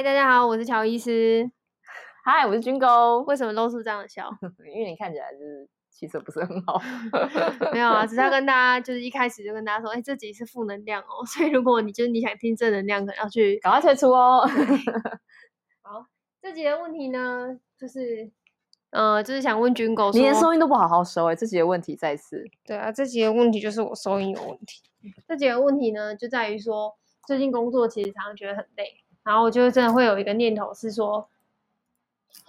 Hi, 大家好，我是喬伊斯。嗨，我是 Jingle。為什麼露出這樣的笑？ 因為你看起來就是氣色不是很好。 沒有啊，只是要跟大家就是一開始就跟大家說，哎、欸，這集是負能量哦，所以如果你就是你想聽正能量，可要去趕快退出哦。 好，這幾個問題呢，就是，呃，就是想問 Jingle，你連收音都不好好收誒、欸、這幾個問題再次。對啊，這幾個問題就是我收音有問題。這幾個問題呢，就在於說最近工作其實常常覺得很累。然後我就真的會有一個念頭是說，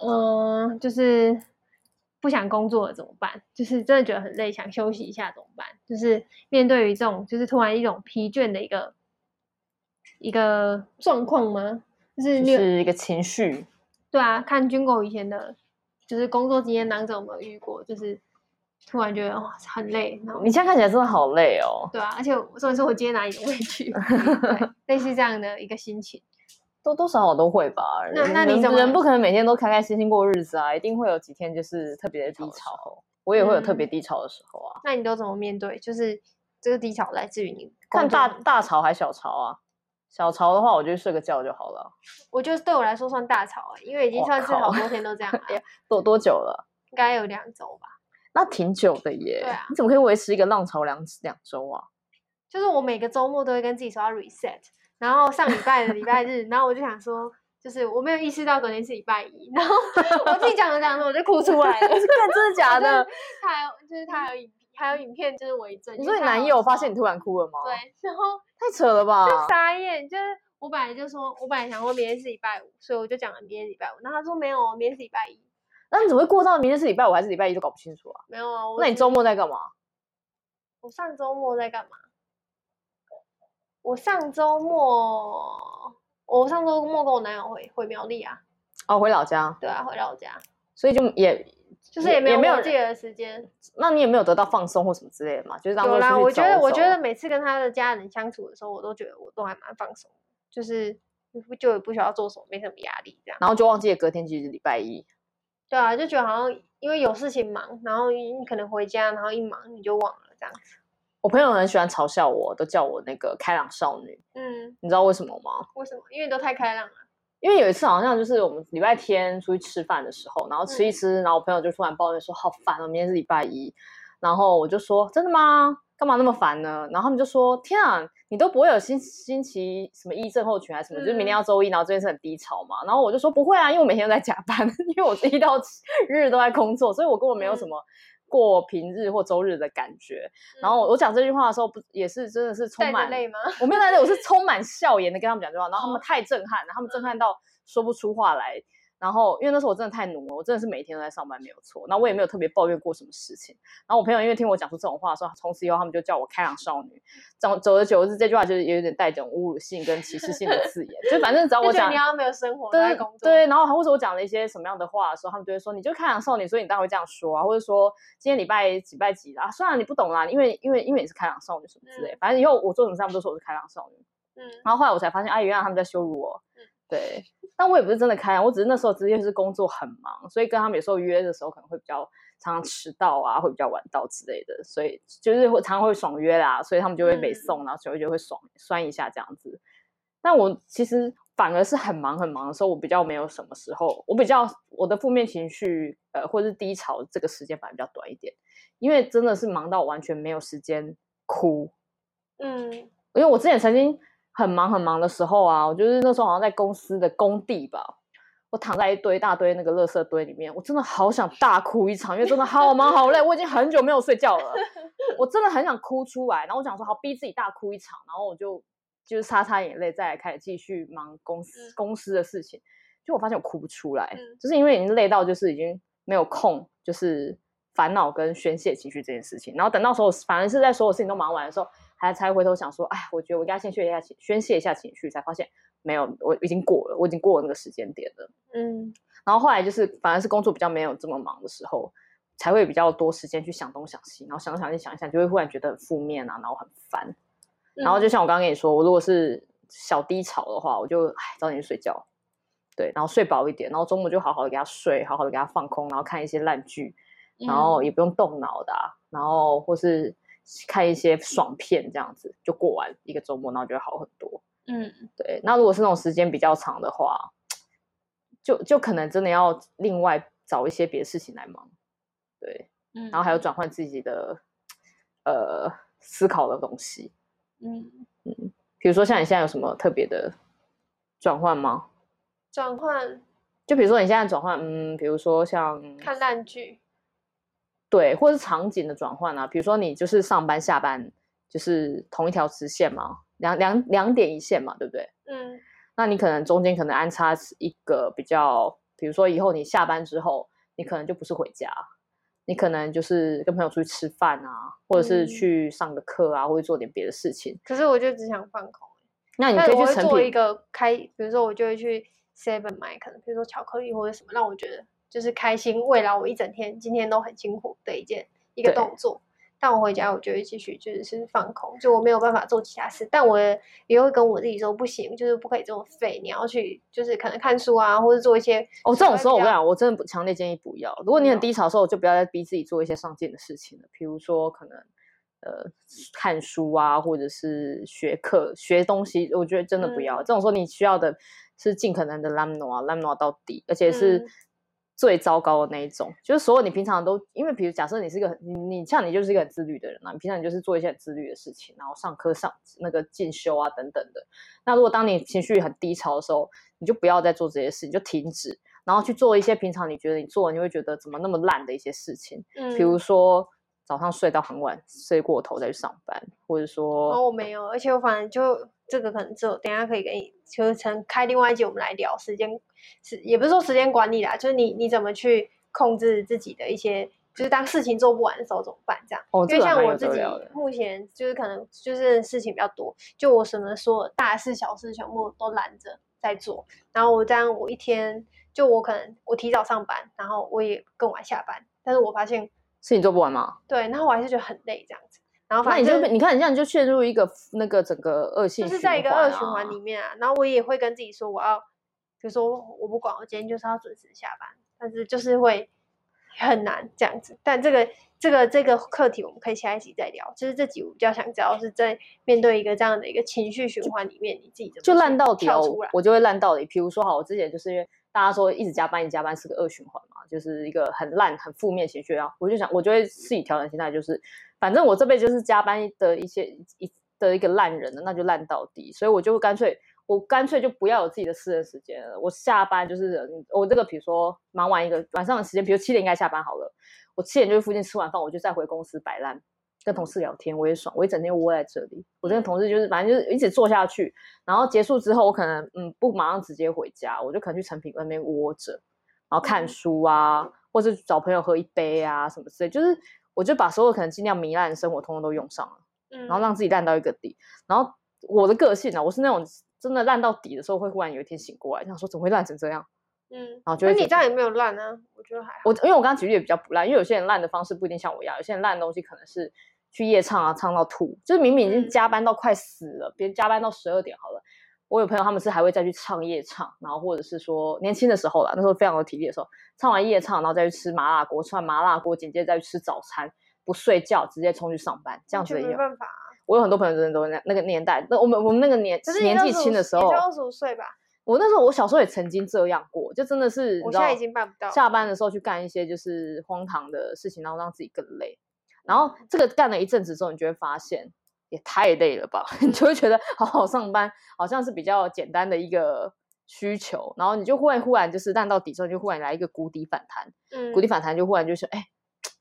嗯、呃，就是不想工作了怎麼辦？就是真的覺得很累，想休息一下怎麼辦？就是面對於這種，就是突然一種疲倦的一個一個狀況嗎？就是就是一個情緒？對啊，看 Jingle 以前的，就是工作經驗當中有沒有遇過？就是突然覺得哇很累，然後你現在看起來真的好累哦。對啊，而且我說的是我今天哪裡委屈， 類似這樣的一個心情。多多少少我都會吧。那那你怎麼、啊、人，人不可能每天都開開心心過日子啊？一定會有幾天就是特別的低潮的。我也會有特別低潮的時候啊、嗯。那你都怎麼面對？就是這個低潮來自於你看大大潮還小潮啊？小潮的話，我就去睡個覺就好了。我覺得對我來說算大潮啊、欸，因為已經算是好多天都這樣了、啊。多多久了？應該有兩周吧。那挺久的耶。對啊、你怎麼可以維持一個浪潮兩兩周啊？就是我每個周末都會跟自己說要 reset。然後上禮拜的禮拜日， 然後我就想說，就是我沒有意識到昨天是禮拜一，然後我自己講著講著我就哭出來了。 是看真的假的？他還就，就是他還有還有影片，就是我一陣。你說你男友我發現你突然哭了嗎？對，然後太扯了吧？就傻眼，就是我本來就說，我本來想說明天是禮拜五，所以我就講了明天是禮拜五。然後他說沒有，明天是禮拜一。那你怎麼會過到明天是禮拜五還是禮拜一都搞不清楚啊？沒有啊。那你周末在幹嘛？我上周末在幹嘛？我上周末，哦，我上周末跟我男友回回苗栗啊，哦，回老家。對啊，回老家，所以就也，就是也沒有沒有自己的時間。那你也沒有得到放鬆或什麼之類的嗎？就是當過去走走。有啦，我覺得我覺得每次跟他的家人相處的時候，我都覺得我都還蠻放鬆，就是就不就也不需要做什麼，沒什麼壓力這樣。然後就忘記了，隔天其實就是禮拜一。對啊，就覺得好像因為有事情忙，然後你可能回家，然後一忙你就忘了這樣子。我朋友很喜歡嘲笑我，都叫我那個開朗少女。嗯，你知道為什麼嗎？為什麼？因為都太開朗了。因為有一次好像就是我們禮拜天出去吃飯的時候，然後吃一吃，嗯、然後我朋友就突然抱怨說：“好煩啊，明天是禮拜一。”然後我就說：“真的嗎？幹嘛那麼煩呢？”然後他們就說：“天啊，你都不會有星星期什麼一症候群還、啊、是什麼，嗯、就是明天要周一，然後這近是很低潮嘛。”然後我就說：“不會啊，因為我每天都在加班，因為我第一到日都在工作，所以我根本沒有什麼。嗯”過平日或周日的感覺，嗯、然後我講這句話的時候，不也是真的是充滿，得 我沒有帶淚，我是充滿笑顏的跟他們講這句話，然後他們太震撼了，他們震撼到說不出話來。然後，因為那時候我真的太奴了，我真的是每一天都在上班，沒有錯。然後我也沒有特別抱怨過什麼事情。然後我朋友因為聽我講出這種話的時候，說從此以後他們就叫我開朗少女。走走了久日，這句話就是有點帶着種侮辱性跟歧視性的字眼。 就反正只要我講，你要沒有生活，對工作對，然後或者我講了一些什麼樣的話的時候，他們就會說，你就是開朗少女，所以你當然會這樣說啊，或者說今天禮拜幾拜幾啦。啊，雖然你不懂啦，因為因為因為你是開朗少女什麼之類，嗯、反正以後我做什麼事他們都說我是開朗少女。嗯。然後後來我才發現，哎、啊，原來他們在羞辱我。嗯。對，但我也不是真的開，我只是那時候直接是工作很忙，所以跟他們有時候約的時候可能會比較常常遲到啊，會比較晚到之類的，所以就是會常常會爽約啦，所以他們就會每送啊，所以，嗯，就會，會爽酸一下這樣子。但我其實反而是很忙很忙的時候，我比較沒有什麼時候，我比較我的負面情緒呃，或者是低潮這個時間反而比較短一點，因為真的是忙到完全沒有時間哭。嗯，因為我之前曾經。很忙很忙的時候啊，我就是那時候好像在公司的工地吧，我躺在一堆大堆那個垃圾堆裡面，我真的好想大哭一場，因為真的好忙好累， 我已經很久沒有睡覺了，我真的很想哭出來。然後我想說，好，逼自己大哭一場，然後我就就是擦擦眼淚，再來開始繼續忙公司公司的事情。就我發現我哭不出來，嗯、就是因為已經累到就是已經沒有空，就是煩惱跟宣洩情緒這件事情。然後等到時候，反正是在所有事情都忙完的時候。才才回頭想說，哎，我覺得我應該先宣洩一下情，宣洩一下情緒，才發現沒有，我已經過了，我已經過了那個時間點了。嗯，然後後來就是反而是工作比較沒有這麼忙的時候，才會比較多時間去想東想西，然後想想一想想想，就會忽然覺得很負面啊，然後很煩。嗯、然後就像我剛剛跟你說，我如果是小低潮的話，我就唉，早點睡覺，對，然後睡飽一點，然後中午就好好的給他睡，好好的給他放空，然後看一些爛劇，然後也不用動腦的、啊，嗯、然後或是。看一些爽片，這樣子、嗯、就過完一個周末，然後就會好很多。嗯，對。那如果是那種時間比較長的話，就就可能真的要另外找一些別的事情來忙。對，嗯、然後還有轉換自己的呃思考的東西。嗯嗯。嗯、比如說像你現在有什麼特別的轉換嗎？轉換。就比如說你現在轉換，嗯，比如說像看爛劇。對，或者是場景的轉換啊，比如說你就是上班下班，就是同一條直線嘛，兩兩兩點一線嘛，對不對？嗯，那你可能中間可能安插一個比較，比如說以後你下班之後，你可能就不是回家，你可能就是跟朋友出去吃飯啊，或者是去上個課啊，嗯，或者是去上個課啊，或者做點別的事情。可是我就只想放空。那你可以去成我會做一個開，比如說我就會去 Seven 點買，ile, 可能比如說巧克力或者什麼，讓我覺得。就是開心，慰勞我一整天。今天都很辛苦的一件一個動作，對但我回家，我就會繼續，就是放空。就我沒有辦法做其他事，但我也會跟我自己說，不行，就是不可以這麼廢。你要去，就是可能看書啊，或者做一些。哦，這種時候較我跟你講，我真的不強烈建議不要。如果你很低潮的時候，我就不要再逼自己做一些上進的事情了。比如說，可能呃看書啊，或者是學課、學東西，我覺得真的不要。嗯、這種時候你需要的是盡可能的懶惰，懶惰到底，而且是。嗯最糟糕的那一種，就是所有你平常都，因為比如假設你是一個你你像你就是一個很自律的人啊，你平常你就是做一些很自律的事情，然後上課上，上那個進修啊等等的。那如果當你情緒很低潮的時候，你就不要再做這些事情，就停止，然後去做一些平常你覺得你做了你會覺得怎麼那麼爛的一些事情，嗯，比如說。早上睡到很晚，睡過頭再去上班，或者說哦，我沒有，而且我反正就這個可能就等下可以給你就是成開另外一集我們來聊時間，是也不是說時間管理啦，就是你你怎麼去控制自己的一些，就是當事情做不完的時候怎麼辦這樣？哦，這個、因為像我自己目前就是可能就是事情比較多，就我什麼說大事小事全部都攬着在做，然後我這樣我一天就我可能我提早上班，然後我也更晚下班，但是我發現。是你做不完嗎？對，然後我還是覺得很累這樣子。然後反正，那你就你看，你這樣就陷入一個那個整個惡性、啊，就是在一個惡循環裡面啊。然後我也會跟自己說，我要，比如說我不管，我今天就是要準時下班。但是就是會很難這樣子。但這個這個這個課題，我們可以下一集再聊。就是這集，我比較想知道是在面對一個這樣的一個情緒循環裡面，就你自己怎麼就爛到底,、啊、到底，我就會爛到底。比如說，好，我之前就是因為。大家說一直加班，一加班是個惡循環嘛，就是一個很爛、很負面情緒啊。我就想，我就會自己調整心態，就是反正我這輩子就是加班的一些一的一個爛人了，那就爛到底。所以我就乾脆，我乾脆就不要有自己的私人時間了。我下班就是我這個，比如說忙完一個晚上的時間，比如七點應該下班好了，我七點就去附近吃完飯，我就再回公司擺爛。跟同事聊天我也爽，我一整天窩在這裡。我跟同事就是反正就是一直坐下去，然後結束之後，我可能嗯不馬上直接回家，我就可能去成品外面窩着，然後看書啊，嗯、或者找朋友喝一杯啊什麼之類。就是我就把所有可能盡量糜爛的生活通通都用上了，嗯，然後讓自己爛到一個底。然後我的個性呢，啊，我是那種真的爛到底的時候，會忽然有一天醒過來，想說怎麼會爛成這樣，嗯，然後覺得那你這樣也沒有爛呢，啊？我覺得還好我因為我剛剛舉例也比較不爛，因為有些人爛的方式不一定像我一樣，有些人爛的東西可能是。去夜唱啊，唱到吐，就是明明已經加班到快死了，嗯、別加班到十二點好了。我有朋友他們是還會再去唱夜唱，然後或者是說年輕的時候啦，那時候非常有體力的時候，唱完夜唱然後再去吃麻辣鍋，吃完麻辣鍋緊接着再去吃早餐，不睡覺直接衝去上班，這樣子也有沒辦法、啊。我有很多朋友真的都是那那個年代，那我們我們那個年是就 25, 年紀輕的時候，也就二十五歲吧。我那時候我小時候也曾經這樣過，就真的是我現在已經辦不到。下班的時候去幹一些就是荒唐的事情，然後讓自己更累。然後這個幹了一陣子之後，你就會發現也太累了吧？ 你就會覺得好好上班，好像是比較簡單的一個需求。然後你就會忽然，忽然就是爛到底之後，就忽然來一個谷底反彈。嗯，谷底反彈就忽然就是哎、欸，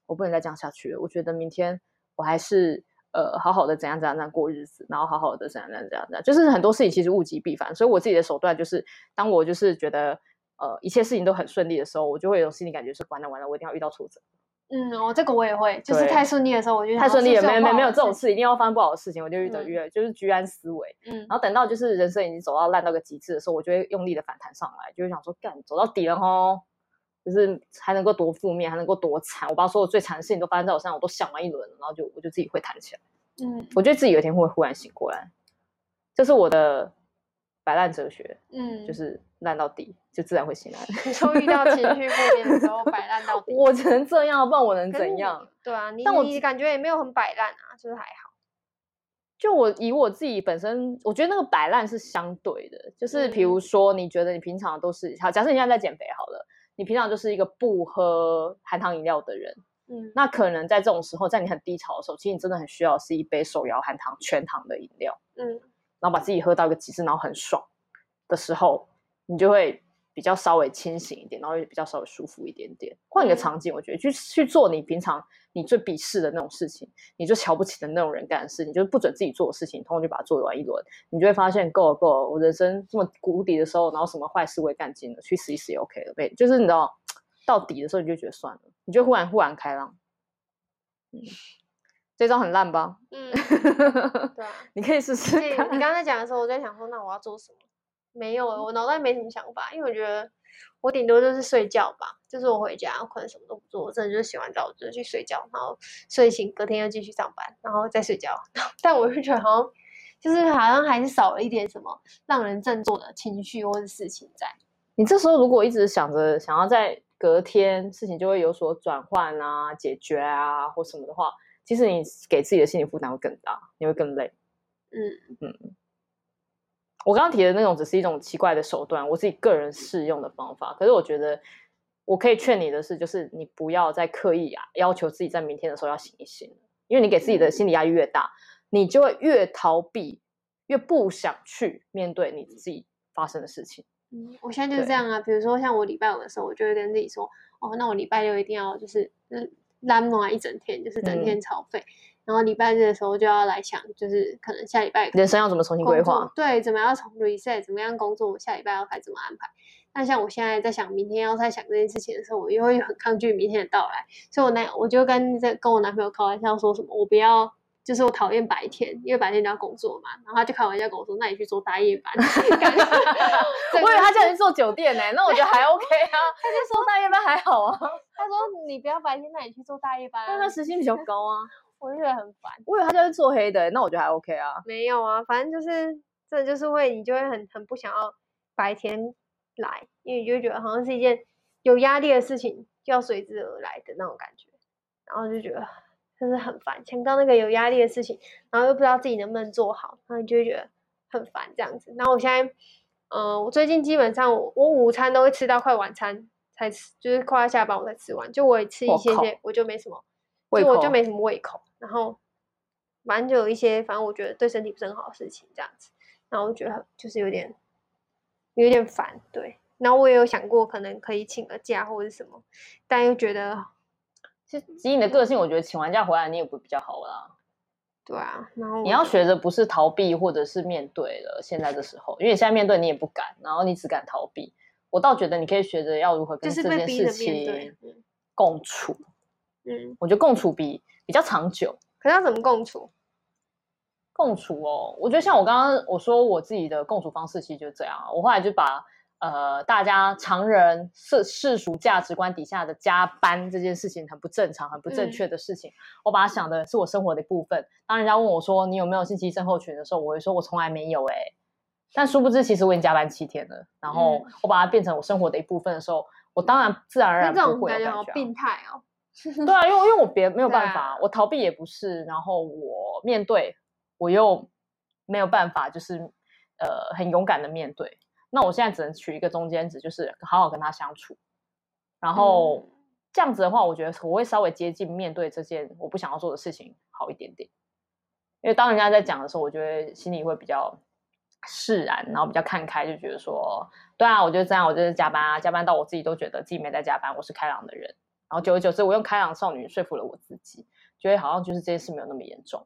我不能再這樣下去了。我覺得明天我還是呃好好的怎樣怎樣怎樣過日子，然後好好的怎樣怎樣怎樣。就是很多事情其實物極必反，所以我自己的手段就是，當我就是覺得呃一切事情都很順利的時候，我就會有心理感覺是完了完了，我一定要遇到挫折。嗯，哦，這個我也會，對就是太順利的時候，我就太順利了，沒有沒有沒有這種事，一定要發生不好的事情，我就越走越，嗯、就是居安思危。嗯，然後等到就是人生已經走到爛到個極致的時候，我就會用力的反彈上來，就是想說，幹，走到底了哦，就是還能夠多負面，還能夠多慘，我把所有最慘的事情都發生在我身上，我都想完一輪，然後就我就自己會彈起來。嗯，我覺得自己有一天會忽然醒過來，這、就是我的。擺爛哲學，嗯，就是爛到底，就自然會醒來。你說遇到情緒負面的時候，擺爛 到底，我只能這樣，不然我能怎樣？對啊，你但我你感覺也沒有很擺爛啊，就是，是還好。就我以我自己本身，我覺得那個擺爛是相對的，就是比如說，你覺得你平常都是好，嗯、假設你現在在減肥好了，你平常就是一個不喝含糖飲料的人，嗯，那可能在這種時候，在你很低潮的時候，其實你真的很需要是一杯手搖含糖全糖的飲料，嗯。然後把自己喝到一個極致，然後很爽的時候，你就會比較稍微清醒一點，然後也比較稍微舒服一點點。換個場景，我覺得去去做你平常你最鄙視的那種事情，你就瞧不起的那種人幹的事，你就是不准自己做的事情，統統就把它做完一輪，你就會發現夠了夠了，我人生這麼谷底的時候，然後什麼壞事我也幹盡了，去試一試 OK 了唄。就是你知道到底的時候，你就覺得算了，你就忽然忽然開朗。嗯。這招很爛吧？嗯，對啊， 你可以試試。你剛剛講的時候，我在想說，那我要做什麼？沒有、欸、我腦袋沒什麼想法，因為我覺得我頂多就是睡覺吧，就是我回家可能什麼都不做，我真的就是洗完澡就去睡覺，然後睡醒隔天又繼續上班，然後再睡覺。 但我是覺得好像就是好像還是少了一點什麼讓人振作的情緒或是事情在。你這時候如果一直想着想要在隔天事情就會有所轉換啊、解決啊或什麼的話。其實你給自己的心理負擔會更大，你會更累。嗯嗯，我剛剛提的那種只是一種奇怪的手段，我自己個人適用的方法。可是我覺得，我可以勸你的是，就是你不要再刻意啊要求自己在明天的時候要醒一醒，因為你給自己的心理壓力越大，嗯、你就會越逃避，越不想去面對你自己發生的事情。嗯，我現在就是這樣啊，對比如說像我禮拜五的時候，我就會跟自己說，哦，那我禮拜六一定要就是就拉滿一整天，就是整天吵費，嗯、然後禮拜日的時候就要來想，就是可能下禮拜人生要怎麼重新規劃，對，怎麼樣重 reset，怎麼樣工作，下禮拜要該怎麼安排。但像我現在在想明天要再想這件事情的時候，我又會很抗拒明天的到來，所以我男我就跟在跟我男朋友開玩笑說什麼，我不要。就是我討厭白天，因為白天你要工作嘛。然後他就開玩笑跟我說：“那你去做大夜班。”我以為他叫你去做酒店呢？欸， 那我覺得還 OK 啊。他就說大夜班還好啊。他說：“你不要白天，那你去做大夜班。”那時薪比較高啊。 我就覺得很煩。我以為他就是做黑的，欸，那我覺得還 OK 啊。沒有啊，反正就是這就是會你就會很很不想要白天來，因為你就會覺得好像是一件有壓力的事情就要隨之而來的那種感覺，然後就覺得。就是很煩，想到那個有壓力的事情，然後又不知道自己能不能做好，然後你就會覺得很煩這樣子。然後我現在，嗯、呃，我最近基本上我，我午餐都會吃到快晚餐才吃，就是快要下班我才吃完，就我也吃一些些，我，口我就沒什麼，口就我就沒什麼胃口。然後反正就有一些，反正我覺得對身體不是很好的事情這樣子，然後我覺得就是有點有點煩，對。然後我也有想過可能可以請個假或者什麼，但又覺得。其實，以你的個性，我覺得請完假回來你也不會比較好啦。對啊，然後的，你要學着不是逃避或者是面對了現在的時候，嗯、因為你現在面對你也不敢，然後你只敢逃避。我倒覺得你可以學着要如何跟這件事情共處。嗯，我覺得共處比比較長久。可是要怎麼共處？共處哦，我覺得像我剛剛我說我自己的共處方式其實就這樣，我後來就把。呃，大家常人世世俗價值觀底下的加班這件事情很不正常、很不正確的事情，嗯、我把它想的是我生活的一部分。當人家問我說，你有沒有信息症候群的時候，我會說我從來沒有誒、欸。但殊不知，其實我已經加班七天了。然後我把它變成我生活的一部分的時候，我當然自然而然不會。嗯、這種有病態哦？ 對啊，因為因為我別沒有辦法，我逃避也不是，然後我面對我又沒有辦法，就是呃很勇敢的面對。那我現在只能取一個中間值，就是好好跟他相處，然後、嗯、這樣子的話，我覺得我會稍微接近面對這件我不想要做的事情好一點點。因為當人家在講的時候，我覺得心裡會比較釋然，然後比較看開，就覺得說，對啊，我就這樣，我就是加班啊，加班到我自己都覺得自己沒在加班，我是開朗的人。然後久而久之，我用開朗少女說服了我自己，覺得好像就是這件事沒有那麼嚴重。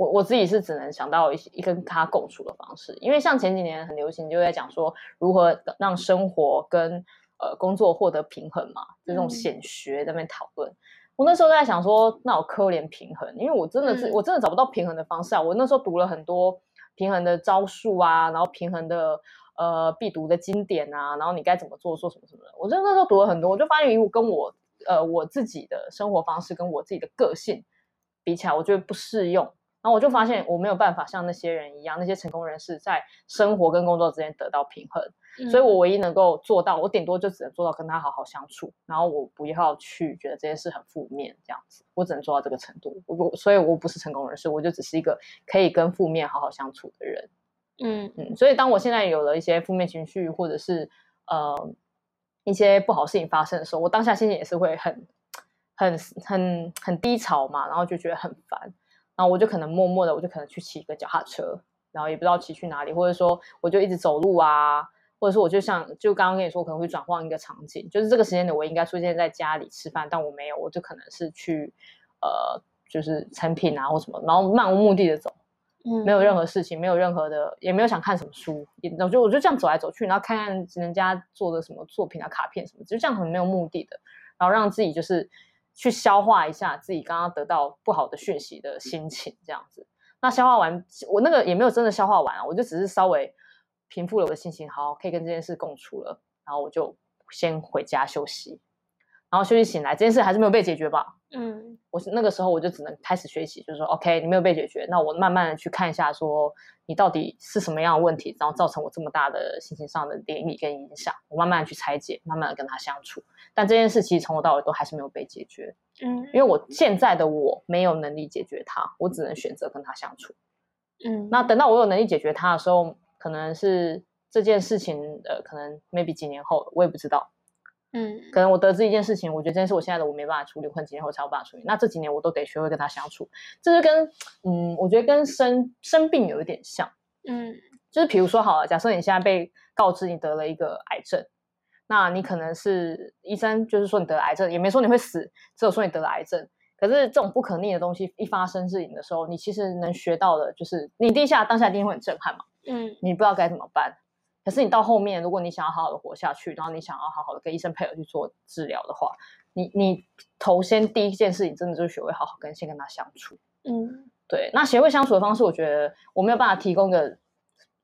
我我自己是只能想到一些，一跟他共處的方式，因為像前幾年很流行，就在講說如何讓生活跟呃工作獲得平衡嘛，就這種顯學在那邊討論。嗯、我那時候就在想說，那我可憐平衡，因為我真的是、嗯、我真的找不到平衡的方式啊。我那時候讀了很多平衡的招數啊，然後平衡的呃必讀的經典啊，然後你該怎麼做，做什麼什麼的。我真的那時候讀了很多，我就發現，跟我呃我自己的生活方式跟我自己的個性比起來，我覺得不適用。然後我就發現我沒有辦法像那些人一樣，那些成功人士在生活跟工作之間得到平衡。嗯、所以我唯一能夠做到，我頂多就只能做到跟他好好相處。然後我不要去覺得這件事很負面，這樣子，我只能做到這個程度。我我，所以我不是成功人士，我就只是一個可以跟負面好好相處的人。嗯嗯，所以當我現在有了一些負面情緒，或者是呃一些不好事情發生的時候，我當下心情也是會很很很很低潮嘛，然後就覺得很煩。然後我就可能默默的，我就可能去騎一個腳踏車，然後也不知道騎去哪裡，或者說我就一直走路啊，或者是我就像，就剛剛跟你說，我可能會轉換一個場景，就是這個時間點我應該出現在家裡吃飯，但我沒有，我就可能是去，呃，就是誠品啊或什麼，然後漫無目的的走，嗯，沒有任何事情，沒有任何的，也沒有想看什麼書，也我就我就這樣走來走去，然後看看人家做的什麼作品啊、卡片什麼，就這樣很沒有目的的，然後讓自己就是。去消化一下自己剛剛得到不好的訊息的心情，這樣子。那消化完，我那個也沒有真的消化完啊，我就只是稍微平復了我的心情，好，可以跟這件事共處了。然後我就先回家休息，然後休息醒來，這件事還是沒有被解決吧。嗯，我是那個時候我就只能開始學習，就是說，OK，你沒有被解決，那我慢慢的去看一下，說你到底是什麼樣的問題，然後造成我這麼大的心情上的漣漪跟影響，我慢慢去拆解，慢慢的跟他相處。但這件事情從頭到尾都還是沒有被解決，嗯，因為我現在的我沒有能力解決他，我只能選擇跟他相處，嗯，那等到我有能力解決他的時候，可能是這件事情的、呃，可能 maybe 幾年後，我也不知道。嗯，可能我得知一件事情，我覺得這件事我現在的我沒辦法處理，可能幾年後才有辦法處理。那這幾年我都得學會跟他相處，這是跟嗯，我覺得跟生生病有一點像。嗯，就是比如說好了、啊，假設你現在被告知你得了一個癌症，那你可能是醫生就是說你得了癌症，也沒說你會死，只有說你得了癌症。可是這種不可逆的東西一發生事情的時候，你其實能學到的就是你第一下當下一定會很震撼嘛。嗯，你不知道該怎麼辦。可是你到後面，如果你想要好好的活下去，然後你想要好好的跟醫生配合去做治療的話，你你頭先第一件事情，真的就是學會好好跟先跟他相處。嗯，對。那學會相處的方式，我覺得我沒有辦法提供的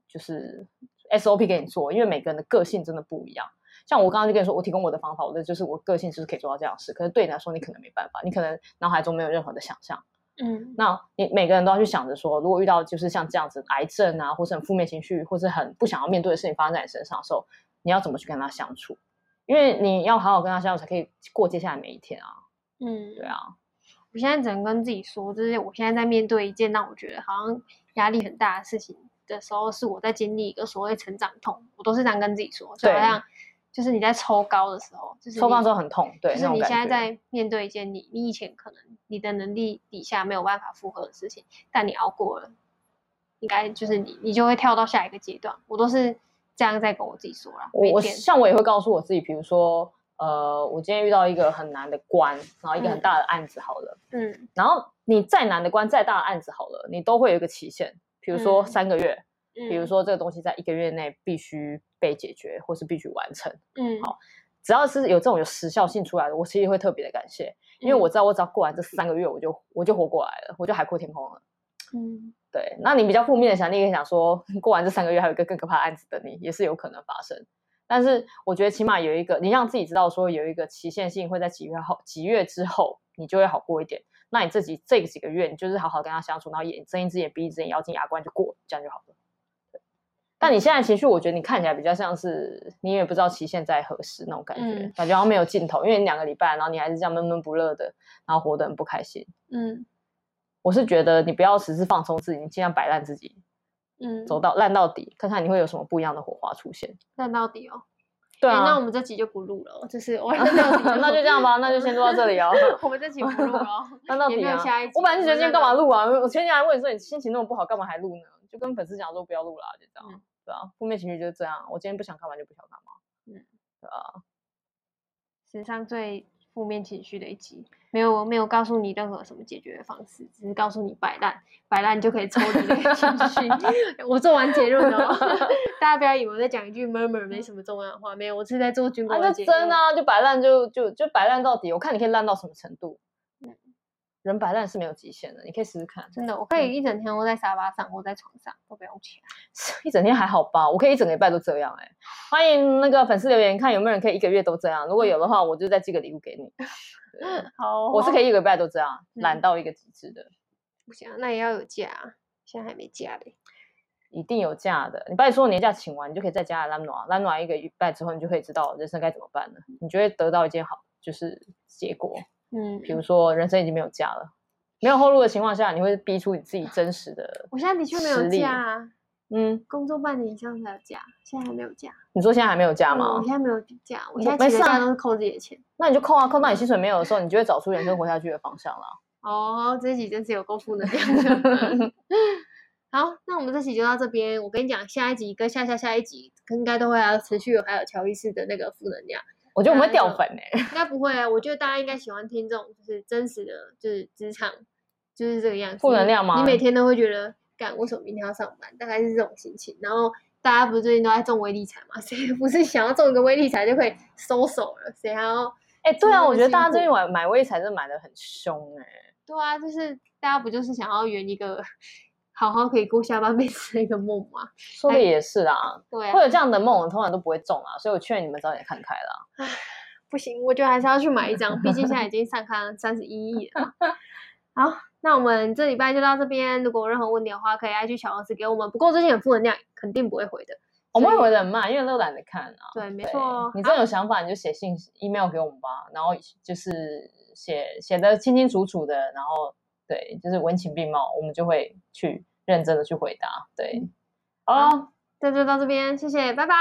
就是 SOP 給你做，因為每個人的個性真的不一樣。像我剛剛就跟你說，我提供我的方法，我的就是我個性就是可以做到這樣子，可是對你來說，你可能沒辦法，你可能腦海中沒有任何的想象。嗯，那你每個人都要去想着說，如果遇到就是像這樣子癌症啊，或是很負面情緒，或是很不想要面對的事情發生在你身上的時候，你要怎麼去跟他相處？因為你要好好跟他相處，才可以過接下來每一天啊。嗯，對啊，我現在只能跟自己說，就是我現在在面對一件讓我覺得好像壓力很大的事情的時候，是我在經歷一個所謂成長痛，我都是這樣跟自己說，就，對，好像。就是你在抽高的時候，就是抽高的時候很痛，對，就是你現在在面對一件你你以前可能你的能力底下沒有辦法負荷的事情，但你熬過了，應該就是你你就會跳到下一個階段。我都是這樣在跟我自己說啦，我每天我像我也會告訴我自己，比如說呃，我今天遇到一個很難的關，然後一個很大的案子，好了，嗯，然後你再難的關，再大的案子，好了，你都會有一個期限，比如說三個月，嗯，比如說這個東西在一個月內必須。被解決，或是必須完成，嗯，好，只要是有這種有時效性出來的，我其實會特別的感謝，因為我知道我只要過完這三個月，我就我就活過來了，我就海闊天空了，嗯，對。那你比較負面的想，你也想說，過完這三個月，還有一個更可怕的案子等你，也是有可能發生。但是我覺得起碼有一個，你讓自己知道說有一個期限性會在幾月後幾月之後，你就會好過一點。那你自己這幾個月，你就是好好跟他相處，然後眼睜一隻眼閉一隻眼，眼，咬緊牙關就過，這樣就好了。但你現在的情緒，我覺得你看起來比較像是你也不知道期限在何時那種感覺，嗯、感覺好像沒有盡頭。因為你兩個禮拜，然後你還是這樣悶悶不樂的，然後活得很不開心。嗯，我是覺得你不要時時放鬆自己，你盡量擺爛自己，嗯，走到爛到底，看看你會有什麼不一樣的火花出現。爛到底哦，對、啊欸，那我們這集就不錄了，就是我真的。 那就這樣吧，那就先錄到這裡哦。 我們這集不錄了，爛 到底、啊、我本來是覺得今天幹嘛錄啊？那個、我前幾天還問你說你心情那麼不好，幹嘛還錄呢？跟粉絲講說不要錄了，啊，就這樣，嗯、對啊，負面情緒就是這樣。我今天不想看完就不想看完，嗯，對啊。史上最負面情緒的一集，沒有，我沒有告訴你任何什麼解決的方式，只是告訴你擺爛，擺爛就可以抽離情緒。 我做完結論了， 大家不要以為我在講一句 murmur，嗯、沒什麼重要的話，沒有，我是在做軍工。我那真啊，就擺爛，啊，就就就擺爛到底。我看你可以爛到什麼程度。人擺爛是沒有極限的，你可以試試看。真的、嗯我，我可以一整天窩在沙發上，窩在床上都不用起來。一整天還好吧？我可以一整個禮拜都這樣哎。歡迎那個粉絲留言，看有沒有人可以一個月都這樣。如果有的話，我就再寄個禮物給你。 好,好，我是可以一個禮拜都這樣，嗯、懶到一個極致的。不行、啊，那也要有假、啊、現在還沒假嘞。一定有假的。你把你說的年假請完，你就可以在家裡懶暖懶暖一個禮拜之後，你就可以知道人生該怎麼辦了。嗯、你就會得到一件好，就是結果。嗯嗯，比如說，人生已經沒有假了，沒有後路的情況下，你會逼出你自己真實的實。我現在的確沒有假、啊，嗯，工作半年以上才有假，現在還沒有假。你說現在還沒有假嗎、嗯？我現在沒有假，我現在其實假都是扣自己的錢、啊。那你就扣啊，扣到你薪水沒有的時候，你就會找出人生活下去的方向了。哦，這一集真是有夠負能量的。 好，那我們這期就到這邊。我跟你講，下一集跟下下下一集應該都會要持續有，還有喬伊斯的那個負能量。我覺得我們會掉粉呢，欸，應該不會啊！我覺得大家應該喜歡聽這種就是真實的，就是職場就是這個樣子，負能量嘛，你每天都會覺得幹，為什麼明天要上班？大概是這種心情。然後大家不是最近都在中威力彩嘛？誰不是想要中一個威力彩就可以收手了？誰還要？誒、欸、對啊，我覺得大家最近買威力彩就買威力彩真的買得很凶誒、欸、對啊，就是大家不就是想要圓一個。好好可以過下半輩子一個夢嘛？說的也是啦。啊，對，會有這樣的夢，通常都不會中啊，所以我勸你們早點看開啦。不行，我覺得還是要去買一張，畢 竟現在已經上刊三十一億了。 好，那我們這禮拜就到這邊。如果有任何問題的話，可以 IG 小王子給我們。不過最近很負能量，肯定不會回的。我們會回的很慢，因為都懶得看啊。對，沒錯。你如果有想法，你就寫信、好 email 給我們吧。然後就是寫寫得清清楚楚的，然後。對，就是文情並茂，我們就會去認真的去回答。對，哦、好，這就到這邊，謝謝，拜拜，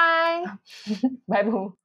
拜拜